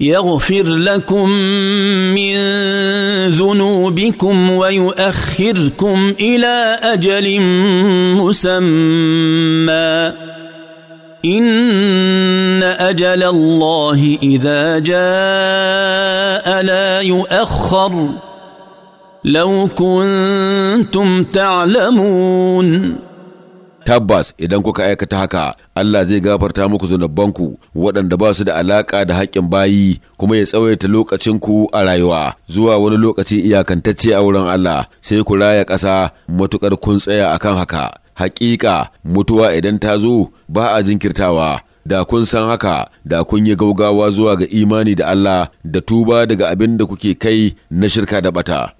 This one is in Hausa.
يغفر لكم من ذنوبكم ويؤخركم الى اجل مسمى ان اجل الله اذا جاء لا يؤخر لو كنتم تعلمون tabbas idan kuka aikata haka Allah zai gafarta muku ku waɗanda ba su da alaƙa da haƙƙin bayi kuma ya tsawaita lokacinku a rayuwa zuwa wani lokaci iyakantacce a wurin Allah sai ku raya ƙasa matuƙar kun tsaya akan haka haƙiƙa mutuwa idan ta zo ba a jinkirtawa da kun san haka da kun yi gaugawa zuwa ga imani da Allah da tuba daga abin da kuke kai na shirka da bata